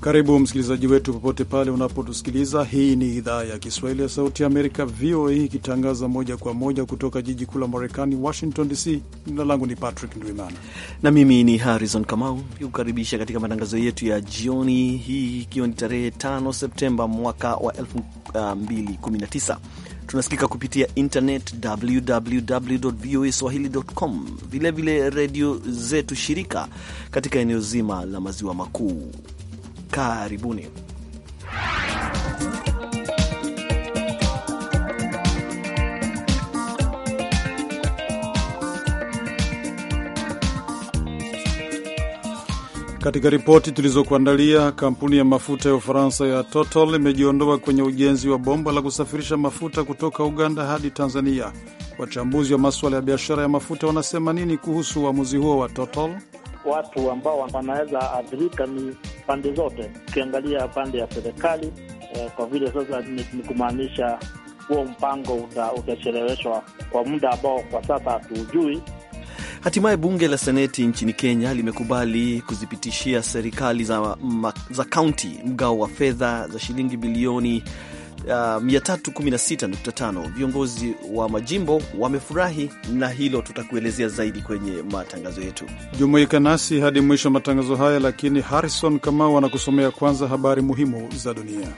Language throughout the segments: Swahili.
Karibu msikilizaji wetu popote pale unapotusikiliza. Hii ni idhaa ya Kiswahili ya Sauti ya Amerika, VOA, ikitangaza moja kwa moja kutoka jiji kuu la Marekani, Washington DC. Jina langu ni Patrick Ndwimana na mimi ni Harrison Kamau, nikukaribisha katika matangazo yetu ya jioni hii, ikiwa ni tarehe 5 Septemba mwaka wa 2019. Uh, Tunasikika kupitia internet www voa swahili.com, vilevile redio zetu shirika katika eneo zima la maziwa makuu. Karibuni. Katika ripoti tulizokuandalia, kampuni ya mafuta ya Ufaransa ya Total imejiondoa kwenye ujenzi wa bomba la kusafirisha mafuta kutoka Uganda hadi Tanzania. Wachambuzi wa masuala ya biashara ya mafuta wanasema nini kuhusu uamuzi huo wa Total? watu ambao wanaweza athirika ni pande zote, ukiangalia pande ya serikali eh, kwa vile sasa ni, ni kumaanisha huo mpango uta, utacheleweshwa kwa muda ambao kwa sasa hatuujui Hatimaye bunge la seneti nchini Kenya limekubali kuzipitishia serikali za kaunti mgao wa fedha za shilingi bilioni 316.5. Viongozi wa majimbo wamefurahi na hilo, tutakuelezea zaidi kwenye matangazo yetu. Jumuika nasi hadi mwisho wa matangazo haya, lakini Harrison Kamau anakusomea kwanza habari muhimu za dunia.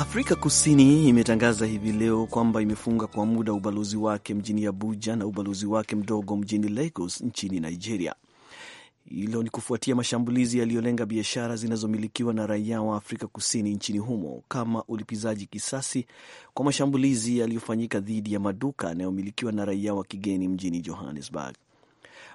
Afrika Kusini imetangaza hivi leo kwamba imefunga kwa muda ubalozi wake mjini Abuja na ubalozi wake mdogo mjini Lagos nchini Nigeria. Hilo ni kufuatia mashambulizi yaliyolenga biashara zinazomilikiwa na raia wa Afrika Kusini nchini humo kama ulipizaji kisasi kwa mashambulizi yaliyofanyika dhidi ya maduka yanayomilikiwa na raia wa kigeni mjini Johannesburg.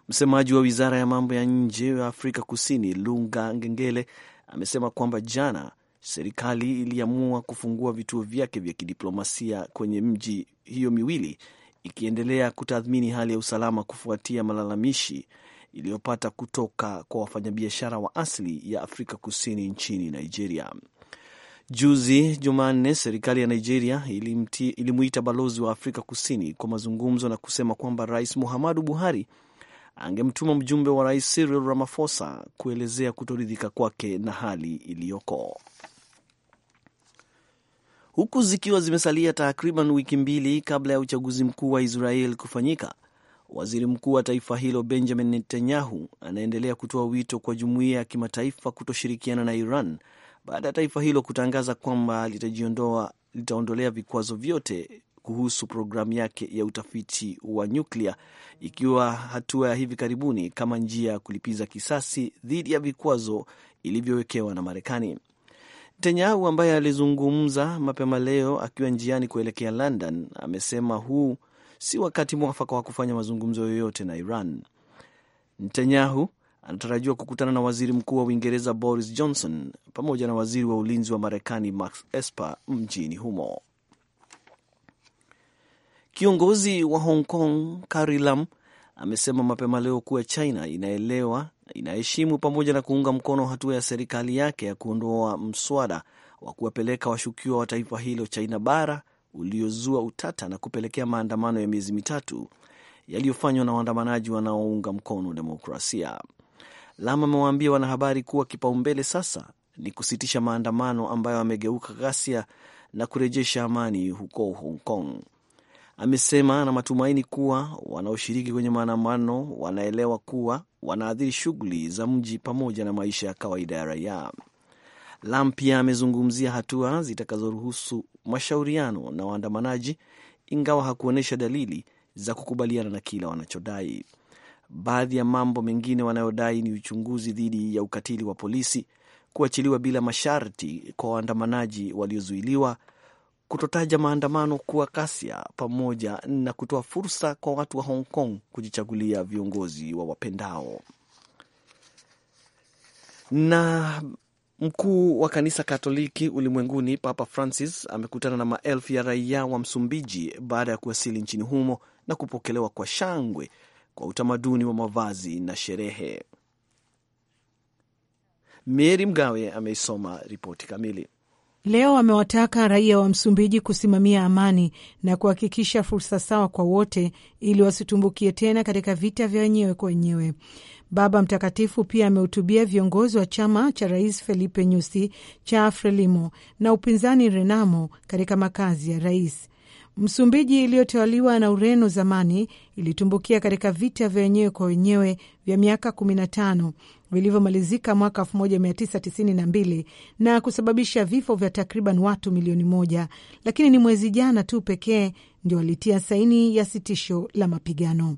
Msemaji wa wizara ya mambo ya nje ya Afrika Kusini, Lunga Ngengele, amesema kwamba jana serikali iliamua kufungua vituo vyake vya kidiplomasia kwenye mji hiyo miwili ikiendelea kutathmini hali ya usalama kufuatia malalamishi iliyopata kutoka kwa wafanyabiashara wa asili ya Afrika Kusini nchini Nigeria. Juzi Jumanne, serikali ya Nigeria ilimuita balozi wa Afrika Kusini kwa mazungumzo na kusema kwamba Rais Muhammadu Buhari angemtuma mjumbe wa Rais Cyril Ramaphosa kuelezea kutoridhika kwake na hali iliyoko huku zikiwa zimesalia takriban wiki mbili kabla ya uchaguzi mkuu wa Israel kufanyika. Waziri mkuu wa taifa hilo Benjamin Netanyahu anaendelea kutoa wito kwa jumuiya ya kimataifa kutoshirikiana na Iran baada ya taifa hilo kutangaza kwamba litajiondoa, litaondolea vikwazo vyote kuhusu programu yake ya utafiti wa nyuklia, ikiwa hatua ya hivi karibuni kama njia ya kulipiza kisasi dhidi ya vikwazo ilivyowekewa na Marekani. Netanyahu ambaye alizungumza mapema leo akiwa njiani kuelekea London amesema huu si wakati mwafaka wa kufanya mazungumzo yoyote na Iran. Netanyahu anatarajiwa kukutana na waziri mkuu wa Uingereza Boris Johnson pamoja na waziri wa ulinzi wa Marekani max Esper mjini humo. Kiongozi wa Hong Kong Carrie Lam amesema mapema leo kuwa China inaelewa inaheshimu pamoja na kuunga mkono hatua ya serikali yake ya kuondoa mswada wa kuwapeleka washukiwa wa taifa hilo China bara uliozua utata na kupelekea maandamano ya miezi mitatu yaliyofanywa na waandamanaji wanaounga mkono demokrasia. Lam amewaambia wanahabari kuwa kipaumbele sasa ni kusitisha maandamano ambayo amegeuka ghasia na kurejesha amani huko Hong Kong amesema na matumaini kuwa wanaoshiriki kwenye maandamano wanaelewa kuwa wanaathiri shughuli za mji pamoja na maisha ya kawaida ya raia. Lam pia amezungumzia hatua zitakazoruhusu mashauriano na waandamanaji, ingawa hakuonyesha dalili za kukubaliana na kila wanachodai. Baadhi ya mambo mengine wanayodai ni uchunguzi dhidi ya ukatili wa polisi, kuachiliwa bila masharti kwa waandamanaji waliozuiliwa kutotaja maandamano kuwa kasia pamoja na kutoa fursa kwa watu wa Hong Kong kujichagulia viongozi wa wapendao. Na mkuu wa kanisa Katoliki ulimwenguni Papa Francis amekutana na maelfu ya raia wa Msumbiji baada ya kuwasili nchini humo na kupokelewa kwa shangwe kwa utamaduni wa mavazi na sherehe. Meri Mgawe ameisoma ripoti kamili leo amewataka raia wa Msumbiji kusimamia amani na kuhakikisha fursa sawa kwa wote ili wasitumbukie tena katika vita vya wenyewe kwa wenyewe. Baba Mtakatifu pia amehutubia viongozi wa chama cha rais Felipe Nyusi cha Frelimo na upinzani Renamo katika makazi ya rais. Msumbiji iliyotawaliwa na Ureno zamani ilitumbukia katika vita vya wenyewe kwa wenyewe vya miaka kumi na tano vilivyomalizika mwaka 1992 na kusababisha vifo vya takriban watu milioni moja, lakini ni mwezi jana tu pekee ndio walitia saini ya sitisho la mapigano.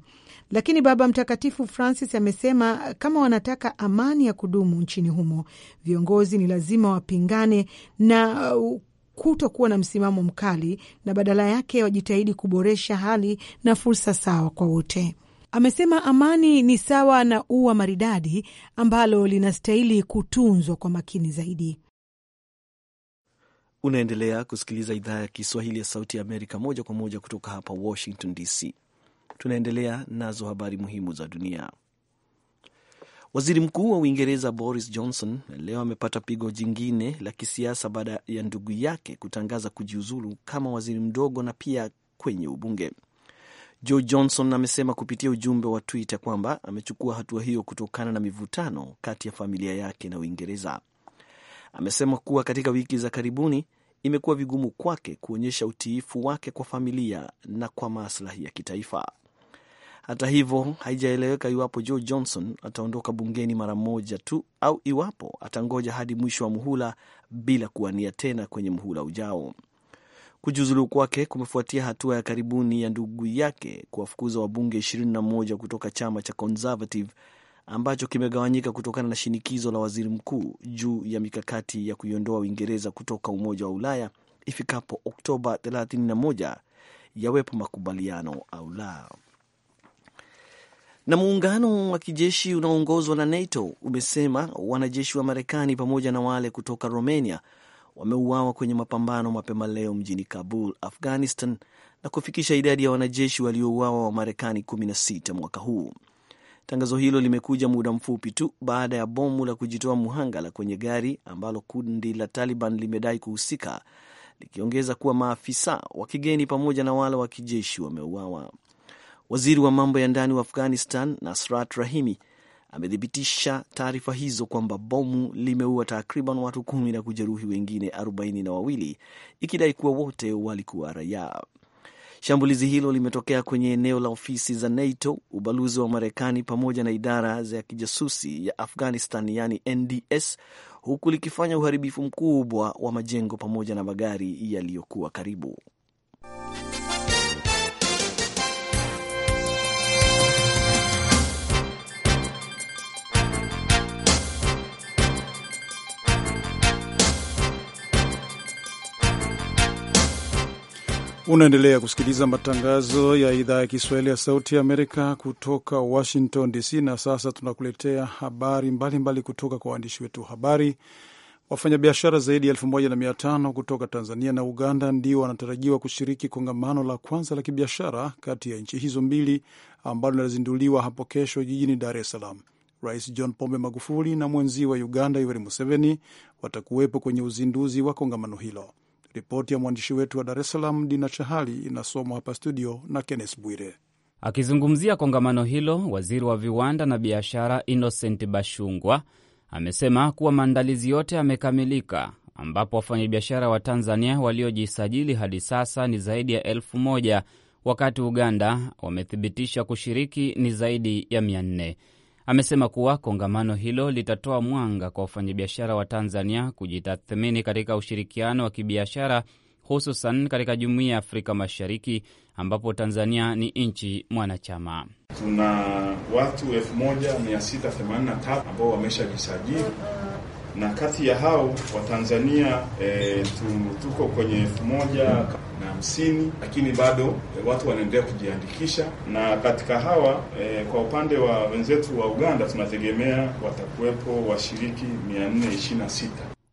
Lakini Baba Mtakatifu Francis amesema kama wanataka amani ya kudumu nchini humo, viongozi ni lazima wapingane na uh, kutokuwa na msimamo mkali na badala yake wajitahidi kuboresha hali na fursa sawa kwa wote. Amesema amani ni sawa na ua maridadi ambalo linastahili kutunzwa kwa makini zaidi. Unaendelea kusikiliza idhaa ya Kiswahili ya Sauti ya Amerika moja kwa moja kutoka hapa Washington DC. Tunaendelea nazo habari muhimu za dunia. Waziri Mkuu wa Uingereza Boris Johnson leo amepata pigo jingine la kisiasa baada ya ndugu yake kutangaza kujiuzulu kama waziri mdogo na pia kwenye ubunge. Joe Johnson amesema kupitia ujumbe wa Twitter kwamba amechukua hatua hiyo kutokana na mivutano kati ya familia yake na Uingereza. Amesema kuwa katika wiki za karibuni imekuwa vigumu kwake kuonyesha utiifu wake kwa familia na kwa maslahi ya kitaifa. Hata hivyo, haijaeleweka iwapo Joe Johnson ataondoka bungeni mara moja tu au iwapo atangoja hadi mwisho wa muhula bila kuwania tena kwenye muhula ujao. Kujiuzulu kwake kumefuatia hatua ya karibuni ya ndugu yake kuwafukuza wabunge 21 kutoka chama cha Conservative ambacho kimegawanyika kutokana na shinikizo la waziri mkuu juu ya mikakati ya kuiondoa Uingereza kutoka Umoja wa Ulaya ifikapo Oktoba 31 yawepo makubaliano au la. Na muungano wa kijeshi unaoongozwa na NATO umesema wanajeshi wa Marekani pamoja na wale kutoka Romania wameuawa kwenye mapambano mapema leo mjini Kabul, Afghanistan, na kufikisha idadi ya wanajeshi waliouawa wa Marekani 16 mwaka huu. Tangazo hilo limekuja muda mfupi tu baada ya bomu la kujitoa muhanga la kwenye gari ambalo kundi la Taliban limedai kuhusika, likiongeza kuwa maafisa wa kigeni pamoja na wale wa kijeshi wameuawa. Waziri wa mambo ya ndani wa Afghanistan Nasrat Rahimi amethibitisha taarifa hizo kwamba bomu limeua takriban watu kumi na kujeruhi wengine arobaini na wawili ikidai kuwa wote walikuwa raia. Shambulizi hilo limetokea kwenye eneo la ofisi za NATO, ubalozi wa Marekani pamoja na idara za kijasusi ya Afghanistan yani NDS, huku likifanya uharibifu mkubwa wa majengo pamoja na magari yaliyokuwa karibu. Unaendelea kusikiliza matangazo ya idhaa ya Kiswahili ya Sauti ya Amerika kutoka Washington DC. Na sasa tunakuletea habari mbalimbali mbali kutoka kwa waandishi wetu wa habari. Wafanyabiashara zaidi ya elfu moja na mia tano kutoka Tanzania na Uganda ndio wanatarajiwa kushiriki kongamano la kwanza la kibiashara kati ya nchi hizo mbili ambalo linazinduliwa hapo kesho jijini Dar es Salaam. Rais John Pombe Magufuli na mwenzi wa Uganda Yoweri Museveni watakuwepo kwenye uzinduzi wa kongamano hilo. Ripoti ya mwandishi wetu wa Dar es Salaam, Dina Chahali, inasomwa hapa studio na Kennes Bwire. Akizungumzia kongamano hilo, waziri wa viwanda na biashara Innocent Bashungwa amesema kuwa maandalizi yote yamekamilika, ambapo wafanyabiashara wa Tanzania waliojisajili hadi sasa ni zaidi ya elfu moja wakati Uganda wamethibitisha kushiriki ni zaidi ya mia nne. Amesema kuwa kongamano hilo litatoa mwanga kwa wafanyabiashara wa Tanzania kujitathmini katika ushirikiano wa kibiashara hususan katika jumuiya ya Afrika Mashariki ambapo Tanzania ni nchi mwanachama. Tuna watu 1683 ambao wameshajisajili na kati ya hao Watanzania e, eh, tu, tuko kwenye elfu moja na hamsini, lakini bado e, watu wanaendelea kujiandikisha, na katika hawa e, kwa upande wa wenzetu wa Uganda tunategemea watakuwepo washiriki 426.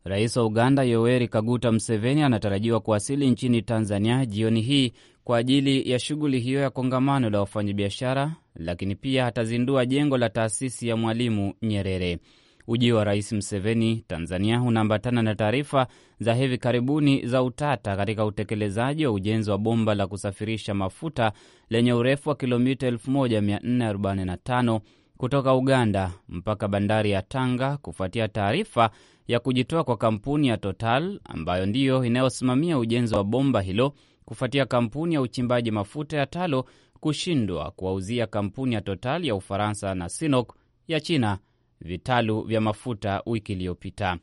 Rais wa Uganda Yoweri Kaguta Museveni anatarajiwa kuwasili nchini Tanzania jioni hii kwa ajili ya shughuli hiyo ya kongamano la wafanyabiashara, lakini pia atazindua jengo la taasisi ya Mwalimu Nyerere. Ujio wa Rais Mseveni Tanzania unaambatana na taarifa za hivi karibuni za utata katika utekelezaji wa ujenzi wa bomba la kusafirisha mafuta lenye urefu wa kilomita 1445 kutoka Uganda mpaka bandari ya Tanga kufuatia taarifa ya kujitoa kwa kampuni ya Total ambayo ndiyo inayosimamia ujenzi wa bomba hilo kufuatia kampuni ya uchimbaji mafuta ya Talo kushindwa kuwauzia kampuni ya Total ya Ufaransa na sinok ya China vitalu vya mafuta wiki iliyopita.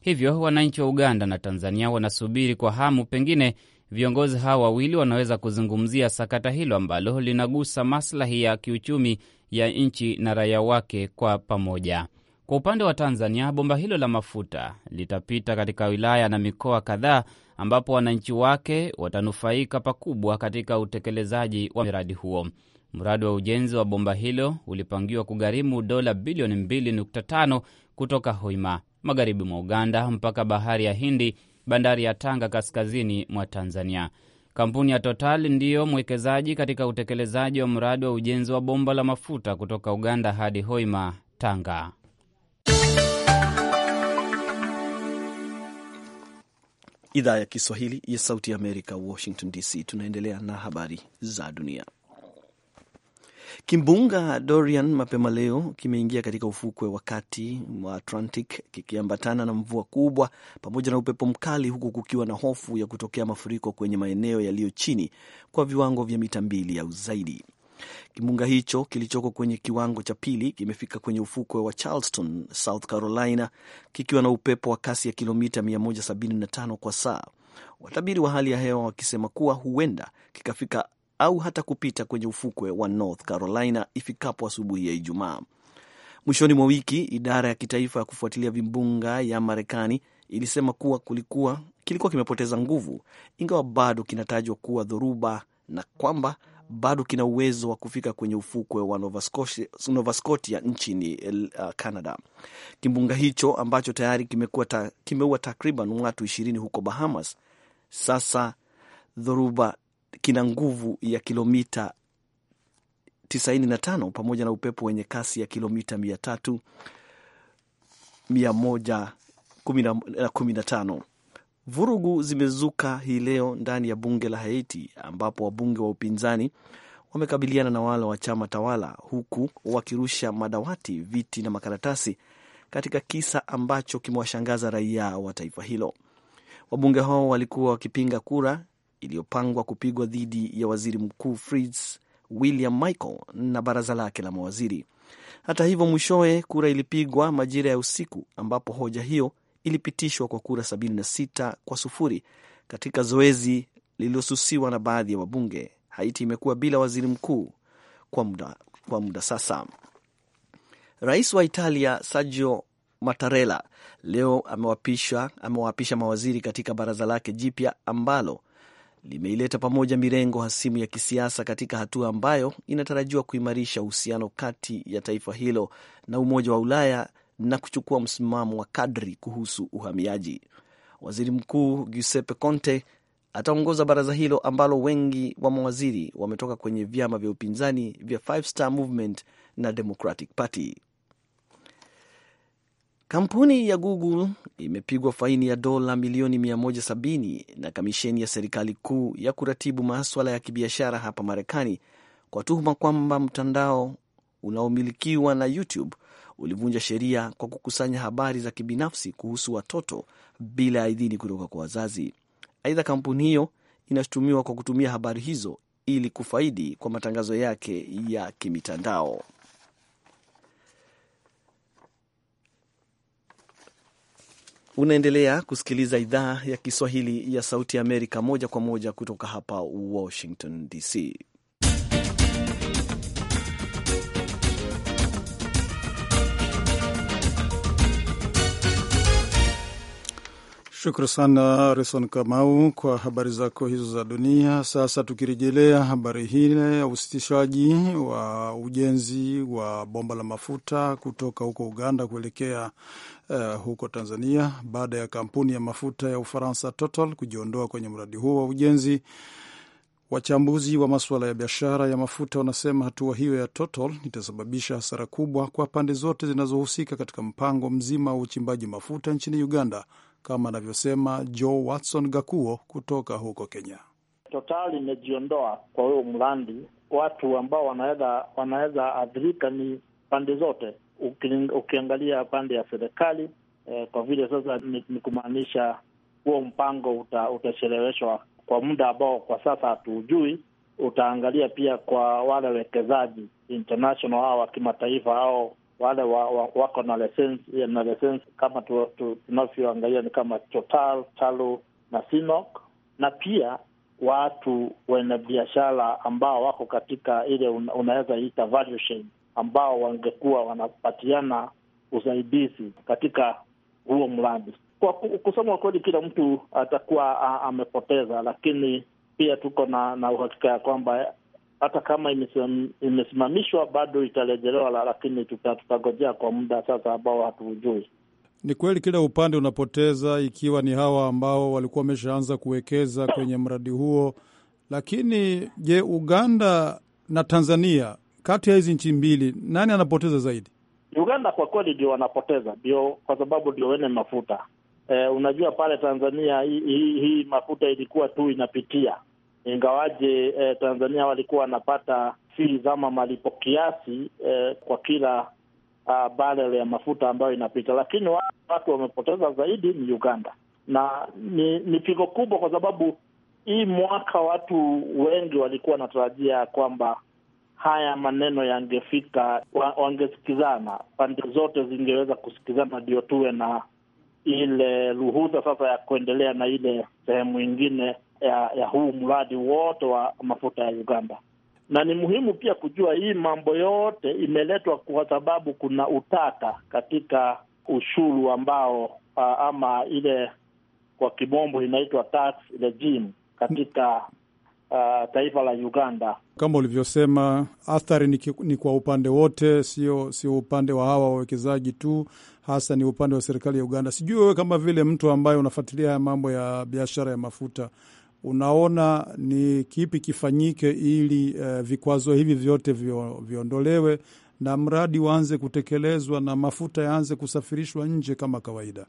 Hivyo wananchi wa Uganda na Tanzania wanasubiri kwa hamu, pengine viongozi hawa wawili wanaweza kuzungumzia sakata hilo ambalo linagusa maslahi ya kiuchumi ya nchi na raia wake kwa pamoja. Kwa upande wa Tanzania, bomba hilo la mafuta litapita katika wilaya na mikoa kadhaa ambapo wananchi wake watanufaika pakubwa katika utekelezaji wa miradi huo. Mradi wa ujenzi wa bomba hilo ulipangiwa kugharimu dola bilioni 2.5 kutoka Hoima magharibi mwa Uganda mpaka bahari ya Hindi, bandari ya Tanga kaskazini mwa Tanzania. Kampuni ya Total ndiyo mwekezaji katika utekelezaji wa mradi wa ujenzi wa bomba la mafuta kutoka Uganda hadi Hoima, Tanga. Idhaa ya Kiswahili ya Sauti ya Amerika, Washington DC. Tunaendelea na habari za dunia. Kimbunga Dorian mapema leo kimeingia katika ufukwe wa kati wa Atlantic kikiambatana na mvua kubwa pamoja na upepo mkali, huku kukiwa na hofu ya kutokea mafuriko kwenye maeneo yaliyo chini kwa viwango vya mita mbili au zaidi. Kimbunga hicho kilichoko kwenye kiwango cha pili kimefika kwenye ufukwe wa Charleston, South Carolina, kikiwa na upepo wa kasi ya kilomita 175 kwa saa, watabiri wa hali ya hewa wakisema kuwa huenda kikafika au hata kupita kwenye ufukwe wa North Carolina ifikapo asubuhi ya Ijumaa. Mwishoni mwa wiki, idara ya kitaifa ya kufuatilia vimbunga ya Marekani ilisema kuwa kulikuwa, kilikuwa kimepoteza nguvu, ingawa bado kinatajwa kuwa dhoruba na kwamba bado kina uwezo wa kufika kwenye ufukwe wa Nova Scotia, Nova Scotia nchini uh, Canada. Kimbunga hicho ambacho tayari kimeua ta, takriban watu ishirini huko Bahamas, sasa dhoruba kina nguvu ya kilomita 95 pamoja na upepo wenye kasi ya kilomita 300 115. Vurugu zimezuka hii leo ndani ya bunge la Haiti ambapo wabunge wa upinzani wamekabiliana na wale wa chama tawala huku wakirusha madawati, viti na makaratasi katika kisa ambacho kimewashangaza raia wa taifa hilo. Wabunge hao walikuwa wakipinga kura iliyopangwa kupigwa dhidi ya waziri mkuu Fritz William Michael na baraza lake la mawaziri. Hata hivyo, mwishowe kura ilipigwa majira ya usiku, ambapo hoja hiyo ilipitishwa kwa kura 76 kwa sufuri katika zoezi lililosusiwa na baadhi ya wabunge. Haiti imekuwa bila waziri mkuu kwa muda, kwa muda sasa. Rais wa Italia Sergio Mattarella leo amewaapisha mawaziri katika baraza lake jipya ambalo limeileta pamoja mirengo hasimu ya kisiasa katika hatua ambayo inatarajiwa kuimarisha uhusiano kati ya taifa hilo na Umoja wa Ulaya na kuchukua msimamo wa kadri kuhusu uhamiaji. Waziri Mkuu Giuseppe Conte ataongoza baraza hilo ambalo wengi wa mawaziri wametoka kwenye vyama vya upinzani vya Five Star Movement na Democratic Party. Kampuni ya Google imepigwa faini ya dola milioni 170 na kamisheni ya serikali kuu ya kuratibu maswala ya kibiashara hapa Marekani kwa tuhuma kwamba mtandao unaomilikiwa na YouTube ulivunja sheria kwa kukusanya habari za kibinafsi kuhusu watoto bila aidhini idhini kutoka kwa wazazi. Aidha, kampuni hiyo inashutumiwa kwa kutumia habari hizo ili kufaidi kwa matangazo yake ya kimitandao. Unaendelea kusikiliza idhaa ya Kiswahili ya Sauti ya Amerika moja kwa moja kutoka hapa Washington DC. Shukran sana Reson Kamau kwa habari zako hizo za dunia. Sasa tukirejelea habari hile ya usitishaji wa ujenzi wa bomba la mafuta kutoka huko Uganda kuelekea uh, huko Tanzania baada ya kampuni ya mafuta ya Ufaransa Total kujiondoa kwenye mradi huo wa ujenzi. Wachambuzi wa masuala ya biashara ya mafuta wanasema hatua hiyo ya Total itasababisha hasara kubwa kwa pande zote zinazohusika katika mpango mzima wa uchimbaji mafuta nchini Uganda, kama anavyosema Joe Watson Gakuo kutoka huko Kenya. Total imejiondoa kwa huyo mradi. Watu ambao wanaweza wanaweza athirika ni pande zote ukiangalia pande ya serikali eh, kwa vile sasa ni, ni kumaanisha huo mpango uta, utacheleweshwa kwa muda ambao kwa sasa hatuujui. Utaangalia pia kwa wale wekezaji international au wa kimataifa au wale wa, wa, wako na leseni eh, na leseni kama tunavyoangalia ni kama Total, Talu na Sinok, na pia watu wenye biashara ambao wako katika ile unaweza ita value chain ambao wangekuwa wanapatiana usaidizi katika huo mradi. Kwa kusema kweli, kila mtu atakuwa amepoteza, lakini pia tuko na, na uhakika ya kwamba hata kama imesimamishwa bado itarejelewa, lakini tutagojea kwa muda sasa ambao hatuujui. Ni kweli kila upande unapoteza, ikiwa ni hawa ambao walikuwa wameshaanza kuwekeza kwenye mradi huo. Lakini je, Uganda na Tanzania kati ya hizi nchi mbili nani anapoteza zaidi? Uganda kwa kweli ndio wanapoteza, ndio kwa sababu ndio wene mafuta e, unajua pale Tanzania hii hi, hi mafuta ilikuwa tu inapitia, ingawaje e, Tanzania walikuwa wanapata fees ama malipo kiasi e, kwa kila uh, barrel ya mafuta ambayo inapita, lakini watu wamepoteza zaidi ni Uganda, na ni, ni pigo kubwa kwa sababu hii mwaka watu wengi walikuwa wanatarajia kwamba haya maneno yangefika, wangesikizana, pande zote zingeweza kusikizana, ndio tuwe na ile ruhusa sasa ya kuendelea na ile sehemu ingine ya, ya huu mradi wote wa mafuta ya Uganda. Na ni muhimu pia kujua hii mambo yote imeletwa kwa sababu kuna utata katika ushuru ambao ama ile kwa kimombo inaitwa tax regime katika uh, taifa la Uganda. Kama ulivyosema, athari ni, ni kwa upande wote, sio sio upande wa hawa wawekezaji tu, hasa ni upande wa serikali ya Uganda. Sijui wewe kama vile mtu ambaye unafuatilia haya mambo ya biashara ya mafuta unaona ni kipi kifanyike ili uh, vikwazo hivi vyote viondolewe na mradi uanze kutekelezwa na mafuta yaanze kusafirishwa nje kama kawaida?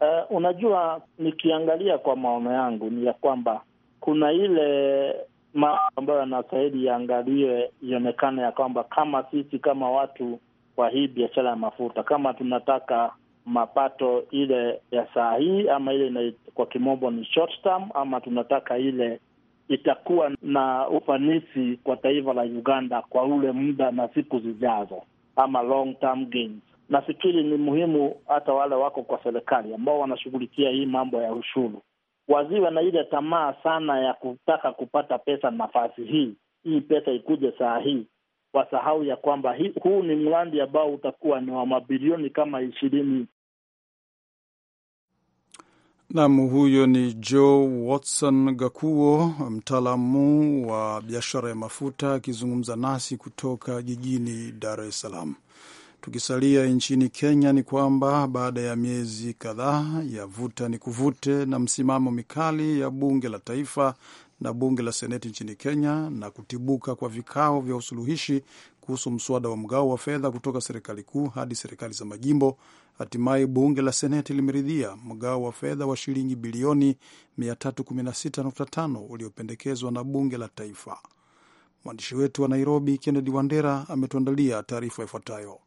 Uh, unajua nikiangalia kwa maono yangu ni ya kwamba kuna ile mambo ambayo yanastahili yaangaliwe, ionekane ya kwamba kama sisi kama watu wa hii biashara ya mafuta, kama tunataka mapato ile ya saa hii ama ile na kwa kimombo ni short term, ama tunataka ile itakuwa na ufanisi kwa taifa la Uganda kwa ule muda na siku zijazo, ama long term gains. Nafikiri ni muhimu hata wale wako kwa serikali ambao wanashughulikia hii mambo ya ushuru wasiwe na ile tamaa sana ya kutaka kupata pesa nafasi hii hii pesa ikuje saa hii, wasahau ya kwamba huu ni mradi ambao utakuwa ni wa mabilioni kama ishirini. Nam, huyo ni Joe Watson Gakuo, mtaalamu wa biashara ya mafuta akizungumza nasi kutoka jijini Dar es Salaam. Tukisalia nchini Kenya ni kwamba baada ya miezi kadhaa ya vuta ni kuvute na msimamo mikali ya bunge la taifa na bunge la seneti nchini Kenya na kutibuka kwa vikao vya usuluhishi kuhusu mswada wa mgao wa fedha kutoka serikali kuu hadi serikali za majimbo, hatimaye bunge la seneti limeridhia mgao wa fedha wa shilingi bilioni 316.5 uliopendekezwa na bunge la taifa. Mwandishi wetu wa Nairobi, Kennedy Wandera, ametuandalia taarifa ifuatayo.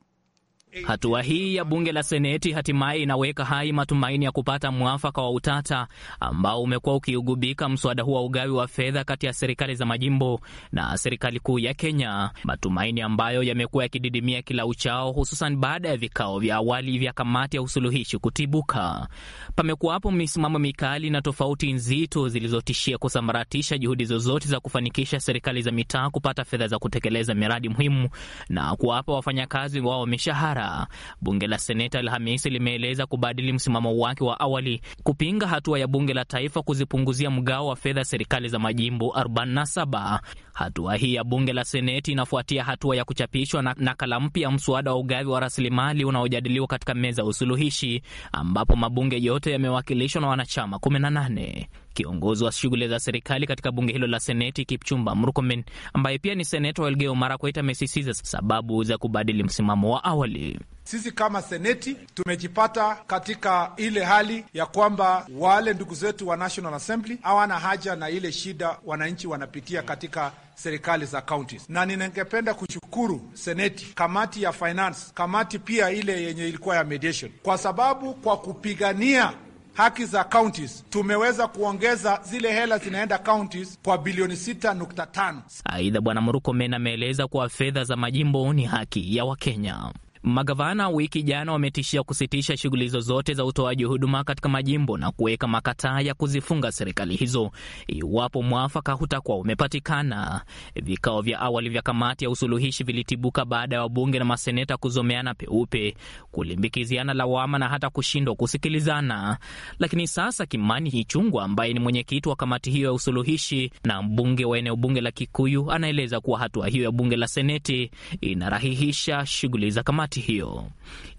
Hatua hii ya bunge la Seneti hatimaye inaweka hai matumaini ya kupata mwafaka wa utata ambao umekuwa ukiugubika mswada huu wa ugawi wa fedha kati ya serikali za majimbo na serikali kuu ya Kenya, matumaini ambayo yamekuwa yakididimia kila uchao, hususan baada ya vikao vya awali vya kamati ya usuluhishi kutibuka. Pamekuwapo misimamo mikali na tofauti nzito zilizotishia kusambaratisha juhudi zozote za kufanikisha serikali za mitaa kupata fedha za kutekeleza miradi muhimu na kuwapa wafanyakazi wao mishahara biashara. Bunge la Seneti Alhamisi limeeleza kubadili msimamo wake wa awali kupinga hatua ya bunge la taifa kuzipunguzia mgao wa fedha serikali za majimbo 47. Hatua hii ya bunge la Seneti inafuatia hatua ya kuchapishwa na nakala mpya mswada wa ugavi wa rasilimali unaojadiliwa katika meza ya usuluhishi, ambapo mabunge yote yamewakilishwa na wanachama 18. Kiongozi wa shughuli za serikali katika bunge hilo la Seneti, Kipchumba Murkomen, ambaye pia ni seneta wa Elgeyo Marakwet, amesisitiza sababu za kubadili msimamo wa awali. Sisi kama seneti tumejipata katika ile hali ya kwamba wale ndugu zetu wa National Assembly hawana haja na ile shida wananchi wanapitia katika serikali za counties, na ningependa kushukuru seneti, kamati ya finance, kamati pia ile yenye ilikuwa ya mediation, kwa sababu kwa kupigania haki za counties tumeweza kuongeza zile hela zinaenda counties kwa bilioni 6.5. Aidha, Bwana Murkomen ameeleza kuwa fedha za majimbo ni haki ya Wakenya. Magavana wiki jana wametishia kusitisha shughuli zozote za utoaji huduma katika majimbo na kuweka makataa ya kuzifunga serikali hizo iwapo mwafaka hutakuwa umepatikana. Vikao vya awali vya kamati ya usuluhishi vilitibuka baada ya wabunge na maseneta kuzomeana peupe, kulimbikiziana lawama na hata kushindwa kusikilizana. Lakini sasa Kimani Hichungwa ambaye ni mwenyekiti wa kamati hiyo ya usuluhishi na mbunge wa eneo bunge la Kikuyu anaeleza kuwa hatua hiyo ya bunge la Seneti inarahihisha shughuli za kamati kamati hiyo.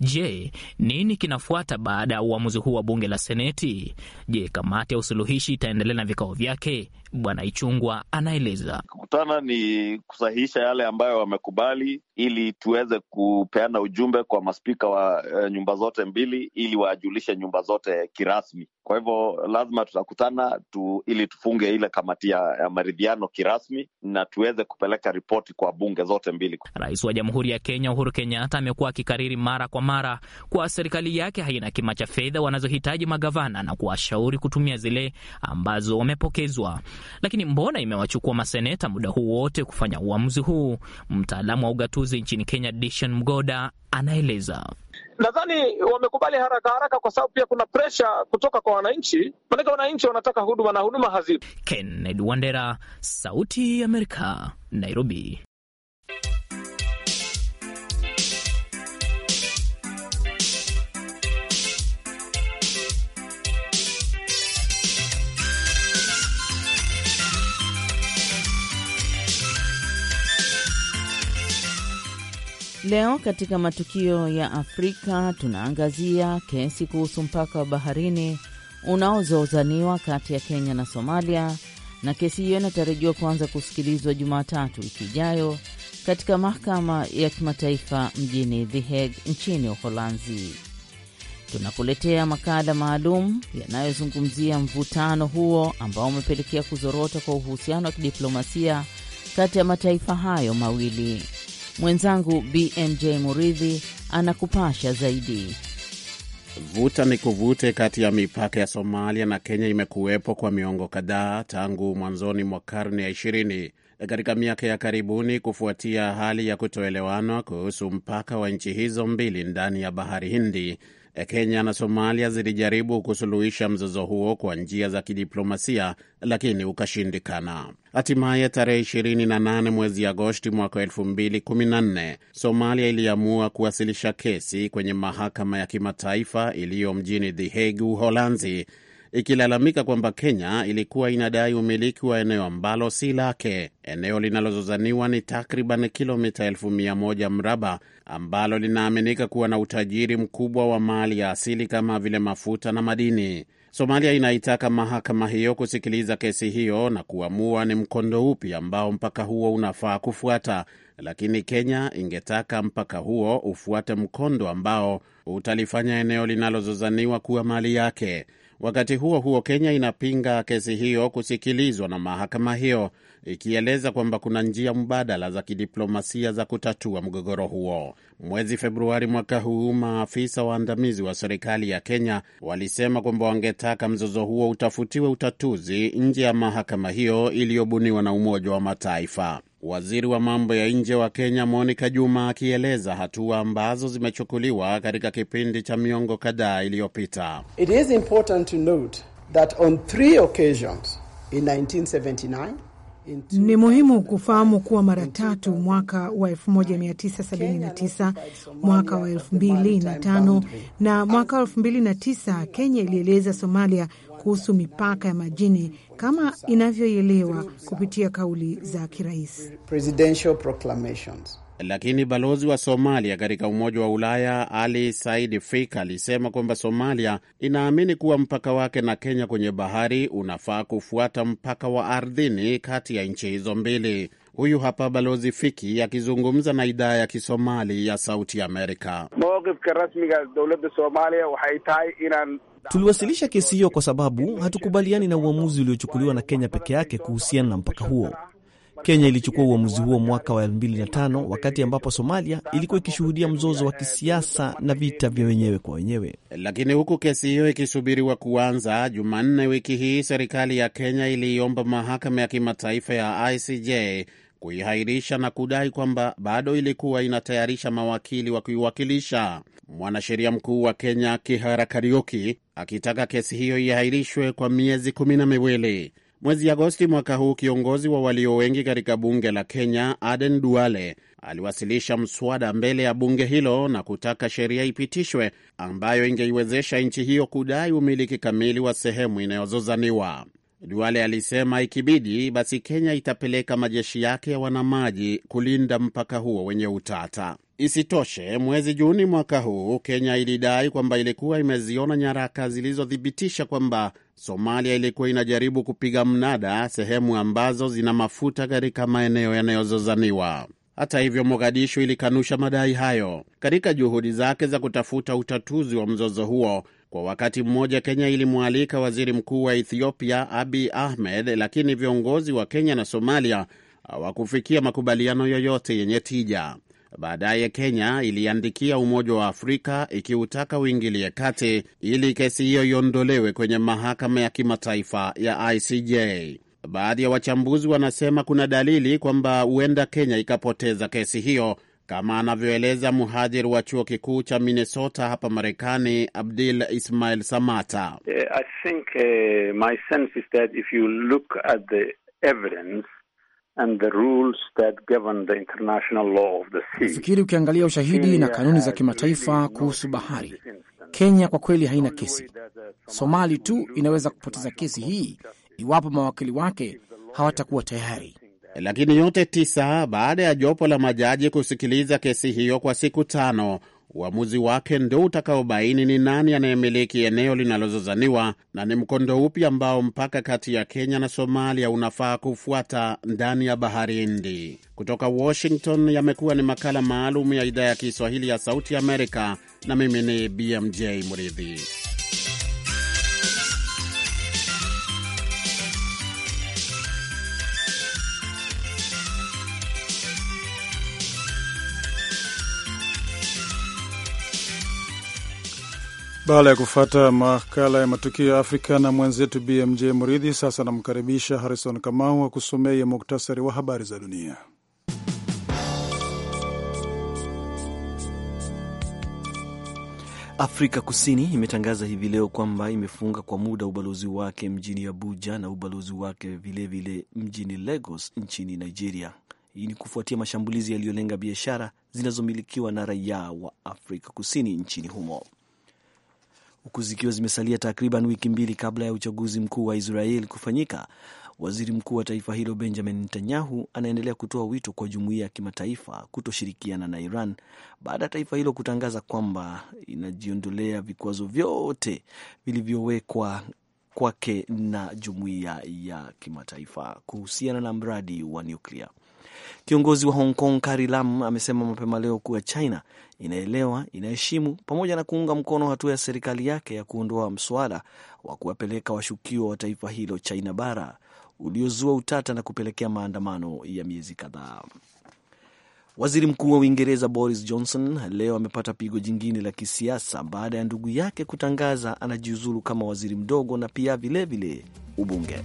Je, nini kinafuata baada ya uamuzi huu wa bunge la Seneti? Je, kamati ya usuluhishi itaendelea na vikao vyake? Bwana Ichungwa anaeleza. Kukutana ni kusahihisha yale ambayo wamekubali, ili tuweze kupeana ujumbe kwa maspika wa e, nyumba zote mbili, ili wajulishe nyumba zote kirasmi. Kwa hivyo lazima tutakutana tu, ili tufunge ile kamati ya maridhiano kirasmi na tuweze kupeleka ripoti kwa bunge zote mbili. Rais wa Jamhuri ya Kenya Uhuru Kenyatta amekuwa akikariri mara kwa mara kuwa serikali yake haina kima cha fedha wanazohitaji magavana na kuwashauri kutumia zile ambazo wamepokezwa. Lakini mbona imewachukua maseneta muda huu wote kufanya uamuzi huu? Mtaalamu wa ugatuzi nchini Kenya, Dishan Mgoda, anaeleza. Nadhani wamekubali haraka haraka kwa sababu pia kuna presha kutoka kwa wananchi, maanake wananchi wanataka huduma na huduma hazipo. Kennedy Wandera, Sauti ya Amerika, Nairobi. Leo katika matukio ya Afrika tunaangazia kesi kuhusu mpaka wa baharini unaozozaniwa kati ya Kenya na Somalia, na kesi hiyo inatarajiwa kuanza kusikilizwa Jumatatu wiki ijayo katika mahakama ya kimataifa mjini The Hague nchini Uholanzi. Tunakuletea makala maalum yanayozungumzia mvutano huo ambao umepelekea kuzorota kwa uhusiano wa kidiplomasia kati ya mataifa hayo mawili. Mwenzangu BMJ Muridhi anakupasha zaidi. Vuta ni kuvute kati ya mipaka ya Somalia na Kenya imekuwepo kwa miongo kadhaa tangu mwanzoni mwa karne ya ishirini. Katika miaka ya karibuni, kufuatia hali ya kutoelewana kuhusu mpaka wa nchi hizo mbili ndani ya bahari Hindi, Eh, Kenya na Somalia zilijaribu kusuluhisha mzozo huo kwa njia za kidiplomasia lakini ukashindikana. Hatimaye tarehe 28 mwezi Agosti mwaka 2014 Somalia iliamua kuwasilisha kesi kwenye mahakama ya kimataifa iliyo mjini The Hague, Uholanzi ikilalamika kwamba Kenya ilikuwa inadai umiliki wa eneo ambalo si lake, eneo linalozozaniwa ni takriban kilomita elfu mia moja mraba ambalo linaaminika kuwa na utajiri mkubwa wa mali ya asili kama vile mafuta na madini. Somalia inaitaka mahakama hiyo kusikiliza kesi hiyo na kuamua ni mkondo upi ambao mpaka huo unafaa kufuata, lakini Kenya ingetaka mpaka huo ufuate mkondo ambao utalifanya eneo linalozozaniwa kuwa mali yake. Wakati huo huo, Kenya inapinga kesi hiyo kusikilizwa na mahakama hiyo ikieleza kwamba kuna njia mbadala za kidiplomasia za kutatua mgogoro huo. Mwezi Februari mwaka huu, maafisa waandamizi wa serikali ya Kenya walisema kwamba wangetaka mzozo huo utafutiwe utatuzi nje ya mahakama hiyo iliyobuniwa na Umoja wa Mataifa. Waziri wa mambo ya nje wa Kenya Monica Juma akieleza hatua ambazo zimechukuliwa katika kipindi cha miongo kadhaa iliyopita. It is important to note that on three occasions in 1979 ni muhimu kufahamu kuwa mara tatu mwaka wa 1979, mwaka wa 2005 na mwaka wa 2009, Kenya ilieleza Somalia kuhusu mipaka ya majini kama inavyoielewa kupitia kauli za kirais. Lakini balozi wa Somalia katika Umoja wa Ulaya Ali said Fik alisema kwamba Somalia inaamini kuwa mpaka wake na Kenya kwenye bahari unafaa kufuata mpaka wa ardhini kati ya nchi hizo mbili. Huyu hapa balozi Fiki akizungumza na idhaa ya Kisomali ya Sauti Amerika. tuliwasilisha kesi hiyo kwa sababu hatukubaliani na uamuzi uliochukuliwa na Kenya peke yake kuhusiana na mpaka huo. Kenya ilichukua uamuzi huo mwaka wa 2005 wakati ambapo Somalia ilikuwa ikishuhudia mzozo wa kisiasa na vita vya wenyewe kwa wenyewe. Lakini huku kesi hiyo ikisubiriwa kuanza Jumanne wiki hii, serikali ya Kenya iliiomba mahakama ya kimataifa ya ICJ kuihairisha na kudai kwamba bado ilikuwa inatayarisha mawakili wa kuiwakilisha. Mwanasheria mkuu wa Kenya Kihara Kariuki akitaka kesi hiyo ihairishwe kwa miezi kumi na miwili. Mwezi Agosti mwaka huu, kiongozi wa walio wengi katika bunge la Kenya, Aden Duale, aliwasilisha mswada mbele ya bunge hilo na kutaka sheria ipitishwe ambayo ingeiwezesha nchi hiyo kudai umiliki kamili wa sehemu inayozozaniwa. Duale alisema ikibidi, basi Kenya itapeleka majeshi yake ya wanamaji kulinda mpaka huo wenye utata. Isitoshe, mwezi Juni mwaka huu Kenya ilidai kwamba ilikuwa imeziona nyaraka zilizothibitisha kwamba Somalia ilikuwa inajaribu kupiga mnada sehemu ambazo zina mafuta katika maeneo yanayozozaniwa. Hata hivyo, Mogadishu ilikanusha madai hayo. Katika juhudi zake za kutafuta utatuzi wa mzozo huo, kwa wakati mmoja Kenya ilimwalika waziri mkuu wa Ethiopia Abiy Ahmed, lakini viongozi wa Kenya na Somalia hawakufikia makubaliano yoyote yenye tija. Baadaye Kenya iliandikia Umoja wa Afrika ikiutaka uingilie kati ili kesi hiyo iondolewe kwenye mahakama ya kimataifa ya ICJ. Baadhi ya wachambuzi wanasema kuna dalili kwamba huenda Kenya ikapoteza kesi hiyo, kama anavyoeleza mhadhiri wa chuo kikuu cha Minnesota hapa Marekani, Abdil Ismail Samata. Eh, I think, uh, my sense is that if you look at the evidence and the rules that govern the international law of the sea. Nafikiri ukiangalia ushahidi Kenya na kanuni za kimataifa kuhusu bahari, Kenya kwa kweli haina kesi. Uh, Somali tu inaweza kupoteza kesi hii iwapo mawakili wake hawatakuwa tayari. Lakini yote tisa, baada ya jopo la majaji kusikiliza kesi hiyo kwa siku tano, uamuzi wake ndio utakaobaini ni nani anayemiliki eneo linalozozaniwa na ni mkondo upi ambao mpaka kati ya Kenya na Somalia unafaa kufuata ndani ya bahari Hindi. Kutoka Washington, yamekuwa ni makala maalum ya idhaa ya Kiswahili ya Sauti Amerika, na mimi ni BMJ mridhi Baada ya kufata makala ya matukio ya Afrika na mwenzetu BMJ Muridhi, sasa anamkaribisha Harrison Kamau akusomeye muktasari wa habari za dunia. Afrika Kusini imetangaza hivi leo kwamba imefunga kwa muda ubalozi wake mjini Abuja na ubalozi wake vilevile vile mjini Lagos nchini Nigeria. Hii ni kufuatia mashambulizi yaliyolenga biashara zinazomilikiwa na raia wa Afrika Kusini nchini humo huku zikiwa zimesalia takriban wiki mbili kabla ya uchaguzi mkuu wa Israel kufanyika. Waziri mkuu wa taifa hilo Benjamin Netanyahu anaendelea kutoa wito kwa jumuiya ya kimataifa kutoshirikiana na Iran baada ya taifa hilo kutangaza kwamba inajiondolea vikwazo vyote vilivyowekwa kwake na jumuiya ya kimataifa kuhusiana na mradi wa nyuklia. Kiongozi wa Hong Kong Carrie Lam amesema mapema leo kuwa China inaelewa, inaheshimu pamoja na kuunga mkono hatua ya serikali yake ya kuondoa mswada wa kuwapeleka washukiwa wa taifa hilo China bara uliozua utata na kupelekea maandamano ya miezi kadhaa. Waziri Mkuu wa Uingereza Boris Johnson leo amepata pigo jingine la kisiasa baada ya ndugu yake kutangaza anajiuzulu kama waziri mdogo na pia vilevile ubunge.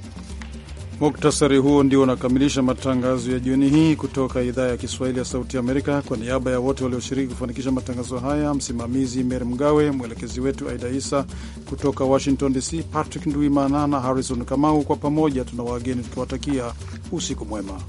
Muktasari huo ndio unakamilisha matangazo ya jioni hii kutoka idhaa ya Kiswahili ya Sauti ya Amerika. Kwa niaba ya wote walioshiriki kufanikisha matangazo haya, msimamizi Meri Mgawe, mwelekezi wetu Aida Isa kutoka Washington DC, Patrick Nduimana na Harrison Kamau, kwa pamoja tuna wageni tukiwatakia usiku mwema.